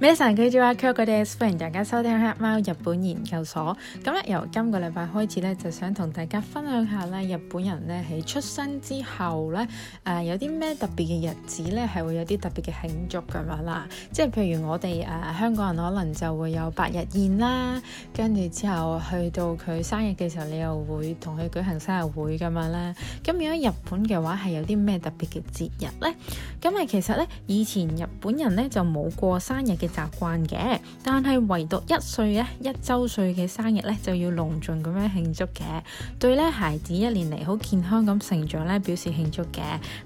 歡迎大家收聽黑貓日本研究所。咁咧由今個禮拜開始咧，就想同大家分享下咧，日本人咧喺出生之後咧，誒、呃、有啲咩特別嘅日子咧，係會有啲特別嘅慶祝咁樣啦。即係譬如我哋誒、呃、香港人可能就會有百日宴啦，跟住之後去到佢生日嘅時候，你又會同佢舉行生日會咁樣啦。咁如果日本嘅話係有啲咩特別嘅節日咧？咁啊其實咧以前日本人咧就冇過生日嘅。習慣嘅，但係唯獨一歲咧，一周歲嘅生日咧就要隆重咁樣慶祝嘅，對咧孩子一年嚟好健康咁成長咧表示慶祝嘅，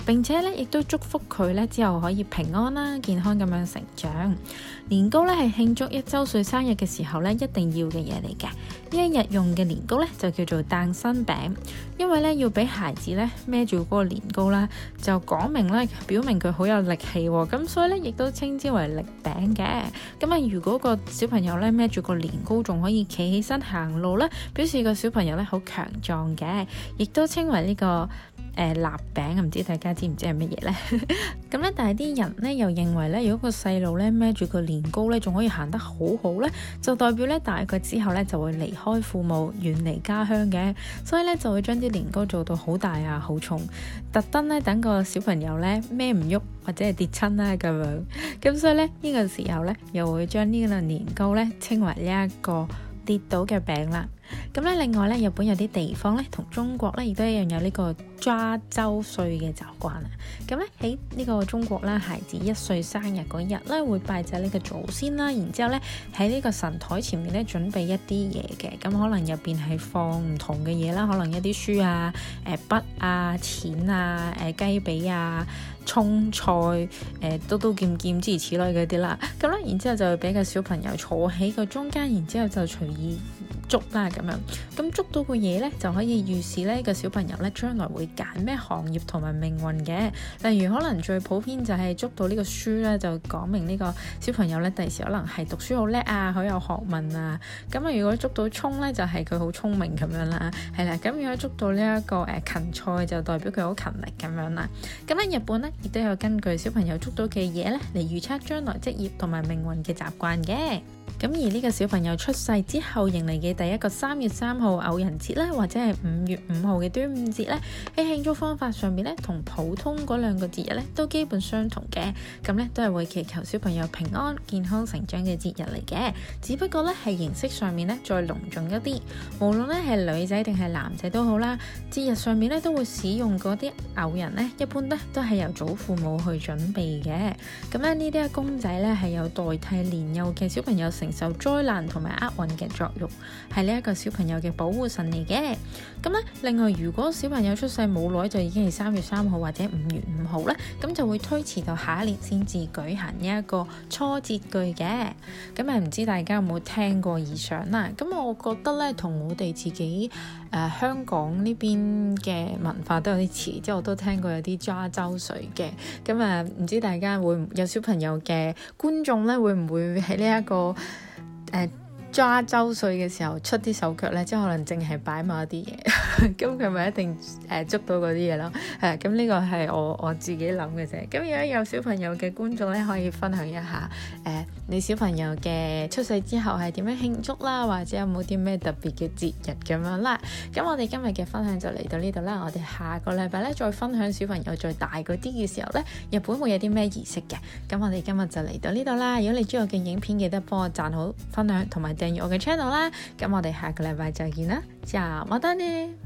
並且咧亦都祝福佢咧之後可以平安啦、健康咁樣成長。年糕咧係慶祝一周歲生日嘅時候咧一定要嘅嘢嚟嘅。呢一日用嘅年糕咧就叫做誕生餅，因為咧要俾孩子咧孭住嗰個年糕啦，就講明咧表明佢好有力氣，哦，咁所以咧亦都稱之為力餅嘅。咁啊，這個呃！ 如果個小朋友咧孭住個年糕，仲可以企起身行路咧，表示個小朋友咧好強壯嘅，亦都稱為呢個誒臘餅。唔知大家知唔知係乜嘢呢？咁咧，但係啲人呢又認為呢，如果個細路呢，孭住個年糕呢仲可以行得好好呢，就代表呢，大概之後呢就會離開父母，遠離家鄉嘅，所以呢就會將啲年糕做到好大啊，好重，特登呢，等個小朋友呢，孭唔喐，或者係跌親啦咁樣。咁所以呢，呢個時候呢，又會將呢個年糕呢稱為一個跌倒嘅餅啦。咁咧，另外咧，日本有啲地方咧，同中國咧，亦都一樣有呢個抓周歲嘅習慣啊。咁咧喺呢個中國啦，孩子一歲生日嗰日咧，會拜祭呢個祖先啦。然之後咧喺呢個神台前面咧，準備一啲嘢嘅。咁可能入邊係放唔同嘅嘢啦，可能一啲書啊、誒筆啊、錢啊、誒雞髀啊、葱菜、誒刀刀劍劍之如此類嗰啲啦。咁咧，然之後就俾個小朋友坐喺個中間，然之後就隨意捉啦咁樣，咁捉到個嘢呢，就可以預示呢個小朋友呢將來會揀咩行業同埋命運嘅。例如可能最普遍就係捉到呢個書呢，就講明呢個小朋友呢第時可能係讀書好叻啊，好有學問啊。咁啊，如果捉到葱呢，就係佢好聰明咁樣啦。係啦，咁如果捉到呢一個誒芹菜，就代表佢好勤力咁樣啦。咁喺日本呢，亦都有根據小朋友捉到嘅嘢呢嚟預測將來職業同埋命運嘅習慣嘅。咁而呢個小朋友出世之後，迎嚟嘅第一個三月三號偶人節啦，或者係五月五號嘅端午節咧，喺慶祝方法上面咧，同普通嗰兩個節日咧都基本相同嘅。咁咧都係為祈求小朋友平安健康成長嘅節日嚟嘅，只不過咧係形式上面咧再隆重一啲。無論咧係女仔定係男仔都好啦，節日上面咧都會使用嗰啲偶人咧，一般咧都係由祖父母去準備嘅。咁咧呢啲公仔咧係有代替年幼嘅小朋友受災難同埋厄運嘅作用，係呢一個小朋友嘅保護神嚟嘅。咁咧，另外如果小朋友出世冇耐就已經係三月三號或者五月五號咧，咁就會推遲到下一年先至舉行呢一個初節句嘅。咁啊，唔知大家有冇聽過以上啦？咁我覺得咧，同我哋自己誒、呃、香港呢邊嘅文化都有啲似，即係我都聽過有啲抓周水嘅。咁啊，唔知大家會唔會有小朋友嘅觀眾咧，會唔會喺呢一個？誒、呃、抓周歲嘅時候出啲手腳咧，即係可能淨係擺埋一啲嘢。 咁佢咪一定誒、呃、捉到嗰啲嘢咯，誒咁呢個係我我自己諗嘅啫。咁、啊、如果有小朋友嘅觀眾咧，可以分享一下誒、呃、你小朋友嘅出世之後係點樣慶祝啦，或者有冇啲咩特別嘅節日咁樣啦。咁我哋今日嘅分享就嚟到呢度啦。我哋下個禮拜咧再分享小朋友再大嗰啲嘅時候咧，日本會有啲咩儀式嘅。咁我哋今日就嚟到呢度啦。如果你中意我嘅影片，記得幫我讚好、分享同埋訂閱我嘅 channel 啦。咁我哋下個禮拜再見啦，就我得呢～